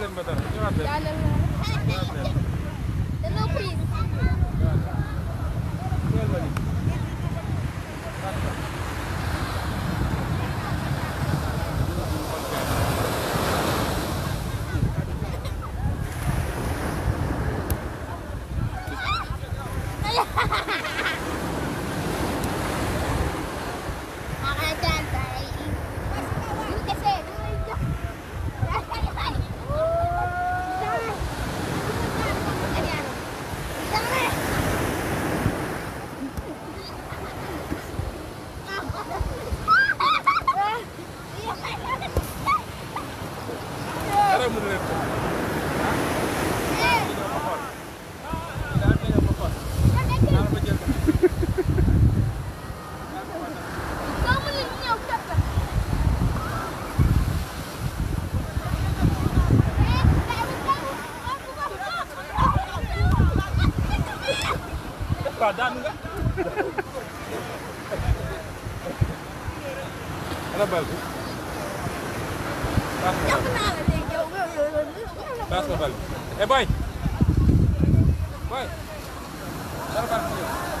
बता Badar nunca. Era belo. Passa, velho. É, vai. Vai. Vai, vai.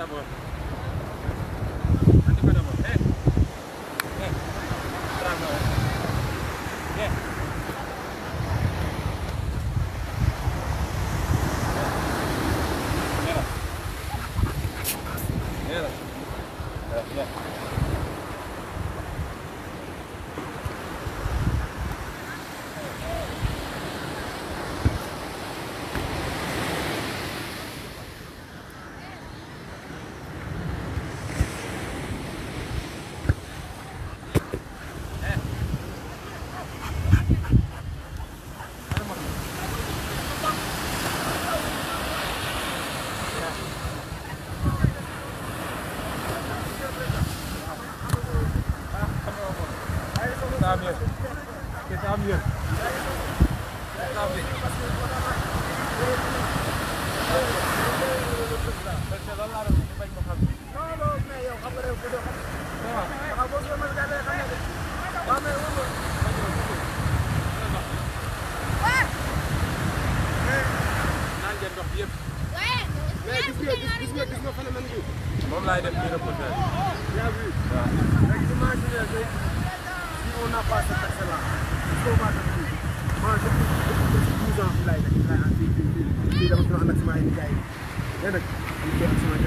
aber Thank you.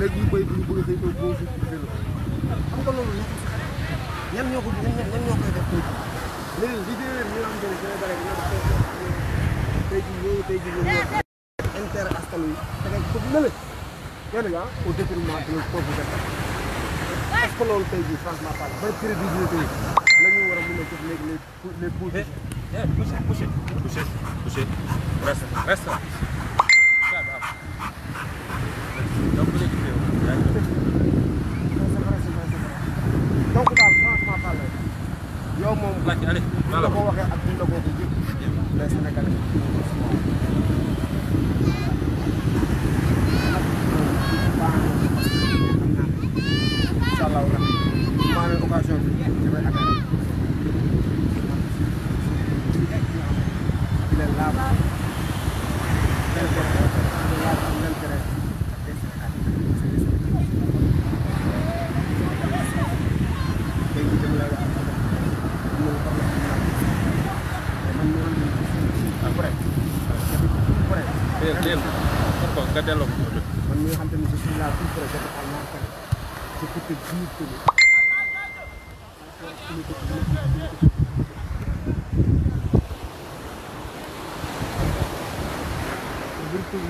léegi ñu béy bu ñu bëgg a xëy na boo fi jël xam nga loolu ñan ñoo ko ñan ñan ñoo koy def tey jii léegi li déedéet ñu am benn Sénégalais bi ñoom tey jii ñoo tey jii ñoom ñoo intérêt askan wi da ngay ko lële yéen a ah au détriment de leur propre intérêt parce que loolu tey jii franchement parle ban crédibilité la ñu war a mën a jox léegi les les les poussées. poussées poussées poussées reste reste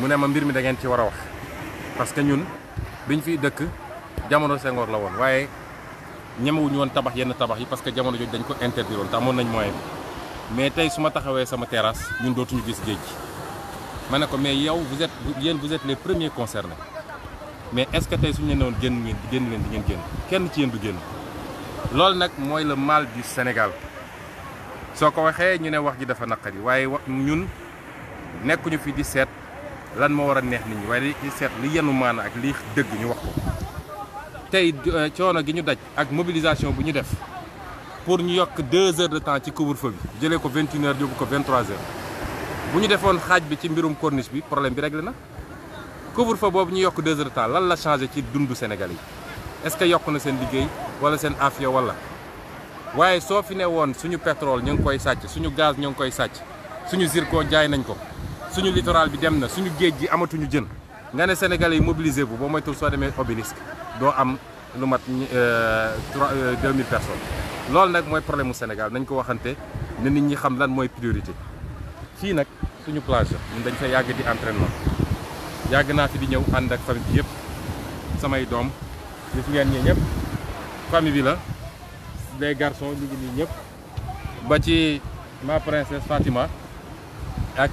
mu ne ma mbir mi da ngeen ci wara wax parce que ñun biñ fi dëkk jamono sengor la waye waaye ñemewuñu won tabax yenn tabax yi parce que jamono joj dañ ko interdire won ta amoon nañ moyen mais tay suma taxawé sama terrasse ñun dootuñu gis geej mané ko mais yow vous êtes yéen vous êtes les premiers concernés mais est ce que tay suñu ñëne won génn ngeen génn leen di ngeen génn kenn ci yeen du génn lool nak moy le mal du Sénégal soko waxé ñu ne wax ji dafa naqari waye ñun nekkuñu fi di seet lan moo war a neex nit ñi waaye dañuy seet li yenu maana ak li dëgg ñu wax ko tey euh, coono gi ñu daj ak mobilisation bu ñu def pour ñu yokk deux heures de temps ci couvre-feu bi jëlee ko vingt une yóbbu ko vingt trois bu ñu defoon xaaj bi ci mbirum corniche bi problème bi réglé na couvre-feu boobu ñu yokk deux de temps lan la changé ci dundu Sénégal yi est-ce que yokk na seen liggéey wala seen afia wala waaye soo fi ne woon suñu pétrole ñu ngi koy sàcc suñu gaz ñu ngi koy sàcc suñu zircon jaay nañ ko suñu littoral bi dem na suñu géej gi amatuñu jën nga né sénégalais yi mobiliser bu boo moytul so démé obélisque do am lu mat euh, trois euh, deux personnes loolu nak moy problème Sénégal nañ ko waxanté né nit ñi xam lan moy priorité fi nak suñu plage ñun dañ fa yagg di entraînement yagg na fi di ñew and ak famille yépp samay dom gis ngeen ñi ñëpp famille bi la les garçons ñu ngi ñëpp ba ci ma princesse Fatima ak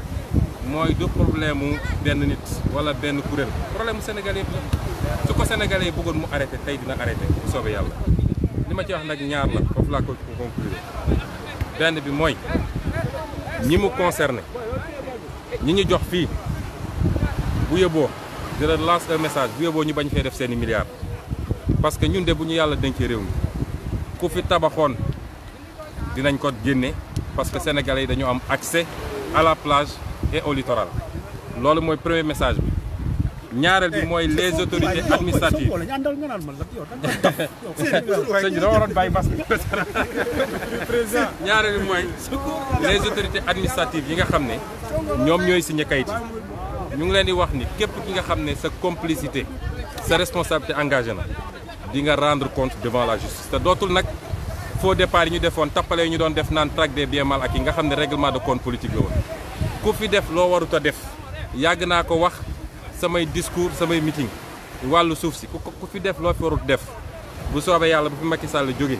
moy du problème ben nit wala ben courel problème sénégalais Sénégal su ko Sénégalais yi mu arrêté tay dina arrêté bu yalla nima ci wax nak ñaar la foofu la ko conclure ben bi moy ñi mu concerné ñi ñu jox fi bu yebo di la lance un message bu yebo ñu bañ fee def seeni milliards parce que ñun de bu ñu yàlla dencee réew mi ku fi tabaxone dinañ ko génné parce que sénégalais dañu am accès à la plage et au littoral loolu mooy premier message bi ñaareel bi les autorités administratives bi les autorités administratives yi nga xam ne ñoom signé kayit yi ñu ngi leen di wax ni képp ki nga xam sa complicité sa responsabilité engagée na di nga rendre compte devant la justice c'est dootul nag faux départ yi ñu defoon tappale yi ñu de def traque des biens mal acquis yi nga xam règlement de compte politique ku fi def loo warut a def yàgg naa ko wax samay discours samay mitin wàllu suuf si ku ku fi def loo fi warut def bu soobee yàlla bu fi Macky Sall jóge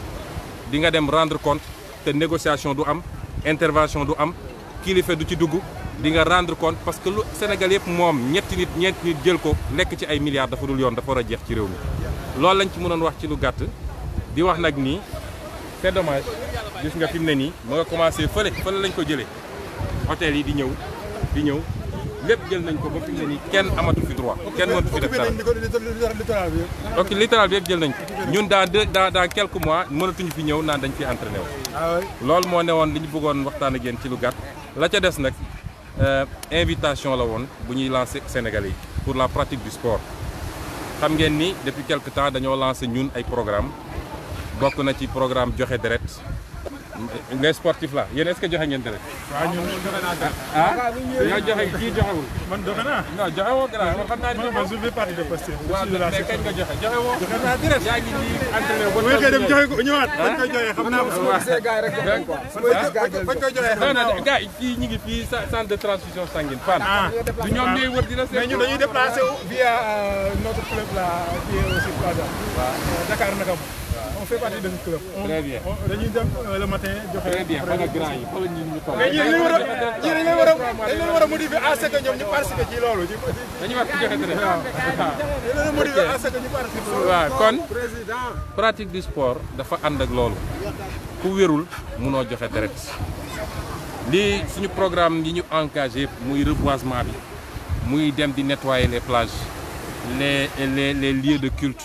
di nga dem rendre compte te négociation du am intervention du am kilifa du ci dugg di nga rendre compte parce que lu Sénégal yëpp moom ñetti nit ñeenti nit jël ko lekk ci ay milliards dafa dul yoon dafa war a jeex ci réew mi loolu lañ ci mënoon wax ci lu gàtt di wax nag nii c'est dommage gis nga fi mu ne nii mu commencé fële fële lañ ko jëlee hôtel yi di ñëw di ñëw lepp jël nañ ko ba fi mu kenn amatu fi droit kenn mënatu fi def dara ok littoral bi yëpp jël nañ ñun dans dans dans quelques mois mënatuñu fi ñëw naan dañ fi entraîné wu ah loolu moo ne woon li ñu bëggoon waxtaan ak yéen ci lu gàtt la ca des nag euh, invitation la woon bu ñuy lancer Sénégalais yi pour la pratique du sport xam ngeen ni depuis quelque temps dañoo lancer ñun ay programme bokk na ci programme joxe deret les sportifs là yéen est-ce que joxe ngeen dara. waaw ñun joxe naa dara. Ah, ah ñoo joxe kii joxewul. man joxe naa. non joxe woo dara waxoon naa. man man je fais partie de Pastef. waaw mais kañ nga joxe joxe woo. joxe naa dara yaa ngi nii entraîné ba. bu dem joxe ko ñëwaat. bañ ah. koy joxe xam naa ko su ma gisee gars yi rek joxe ko quoi. bañ koy joxe xam naa ko gars yi fii ñu ngi fii centre de transfusion sanguine Fann. Ah. du ñoom ñooy wër dina seet. mais ñun dañuy déplacé wu. via euh, notre club là fii au Sud Plaza. waaw euh, Dakar Nakam. on fait partie dañuy dem joxe. très bien ñu toll. mais ñii dañu war a ñu participer ci loolu. dañu a joxe très bien kon pratique du sport dafa ànd ak loolu ku wérul munoo joxe deret lii suñu programme yi ñu engagé muy reboisement bi muy dem di nettoyer les plages les les les lieux de culte.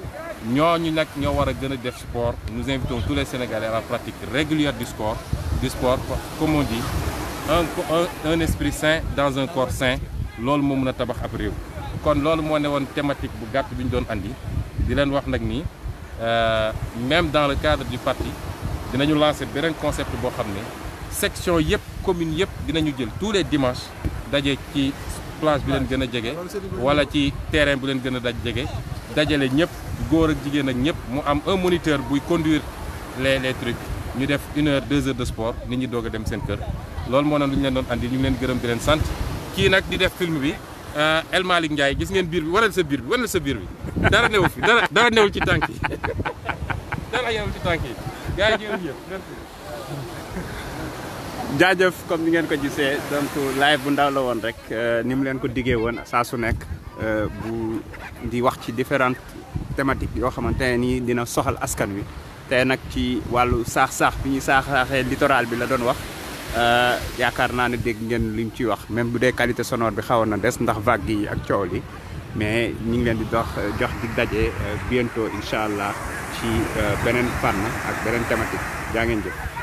ñooñu nag ñoo wara a def sport nous invitons tous les Sénégalais à la pratique régulière du sport du sport comme on dit un un esprit sain dans un corps sain loolu moo mën a tabax ab réew. kon loolu moo ne thématique bu gàtt une ñu doon andi di leen wax euh, même dans le cadre du parti dinañu lancer un concept boo xam section yep commune yëpp dinañu jël tous les dimanches daje ci place bi leen gën a jege wala ci terrain bu leen gën a daj les dajale ñëpp. góor ak jigéen ak ñëpp mu am un moniteur buy conduire les les trucs ñu def une heure deux heures de sport nit ñi doog a dem seen kër loolu moo naan lu ñu leen doon andi ñu ngi leen gërëm di leen sant kii nag di def film bi euh, El Malick Ndiaye gis ngeen biir bi waral sa biir bi waral sa biir bi dara newu fi dara dara newul ci tànk yi dara newul ci tànk yi gars yi comme ni ngeen ko gisee donc live bu ndaw la woon rek euh, ni mu leen ko diggee woon saa su nekk euh, bu di wax ci différentes thématique yoo xamante ne nii dina soxal askan wi te nag ci wàllu saax-saax bi ñuy saax-saaxee littoral bi la doon wax euh, yaakaar naa ne dégg ngeen liñ ciy wax même bu dee qualité sonor bi xawoon na des ndax vague yi ak coow li mais ñu ngi leen di dox euh, jox di daje euh, bientôt incha allah ci beneen fànn ak beneen thématique jaa ngeen jëf